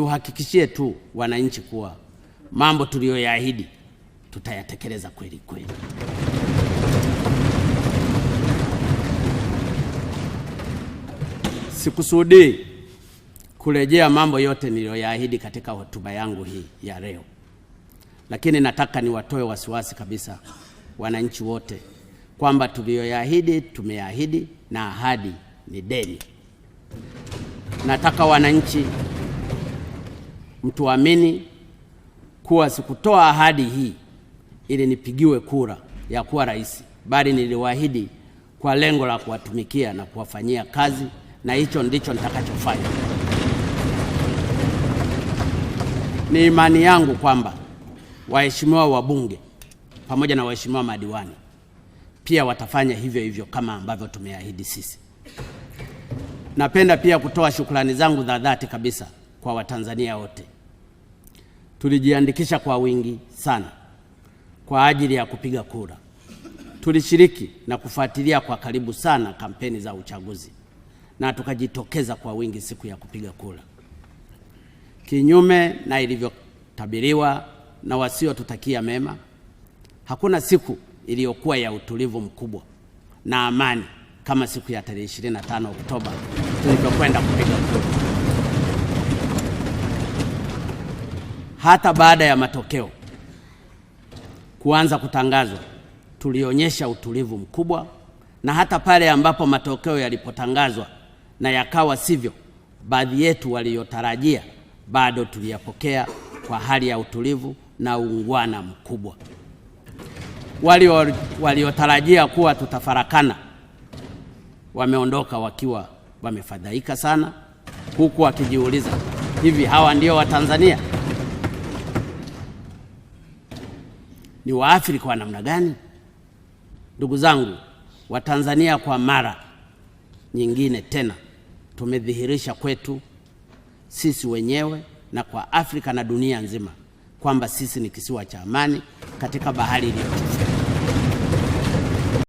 uhakikishie tu wananchi kuwa mambo tuliyoyaahidi tutayatekeleza kweli kweli. Sikusudii kurejea mambo yote niliyoyaahidi katika hotuba yangu hii ya leo, lakini nataka niwatoe wasiwasi kabisa wananchi wote kwamba tuliyoyaahidi tumeyaahidi, na ahadi ni deni. Nataka wananchi mtuamini kuwa sikutoa ahadi hii ili nipigiwe kura ya kuwa rais, bali niliwaahidi kwa lengo la kuwatumikia na kuwafanyia kazi, na hicho ndicho nitakachofanya. Ni imani yangu kwamba waheshimiwa wabunge pamoja na waheshimiwa madiwani pia watafanya hivyo hivyo kama ambavyo tumeahidi sisi. Napenda pia kutoa shukrani zangu za dhati kabisa kwa Watanzania wote tulijiandikisha kwa wingi sana kwa ajili ya kupiga kura. Tulishiriki na kufuatilia kwa karibu sana kampeni za uchaguzi na tukajitokeza kwa wingi siku ya kupiga kura, kinyume na ilivyotabiriwa na wasiotutakia mema. Hakuna siku iliyokuwa ya utulivu mkubwa na amani kama siku ya tarehe 25 Oktoba tulipokwenda kupiga kura. hata baada ya matokeo kuanza kutangazwa, tulionyesha utulivu mkubwa, na hata pale ambapo matokeo yalipotangazwa na yakawa sivyo baadhi yetu waliyotarajia, bado tuliyapokea kwa hali ya utulivu na uungwana mkubwa. Wale waliotarajia kuwa tutafarakana wameondoka wakiwa wamefadhaika sana, huku wakijiuliza, hivi hawa ndio Watanzania? ni waathiri kwa namna gani? Ndugu zangu Watanzania, kwa mara nyingine tena tumedhihirisha kwetu sisi wenyewe na kwa Afrika na dunia nzima kwamba sisi ni kisiwa cha amani katika bahari iliyotufu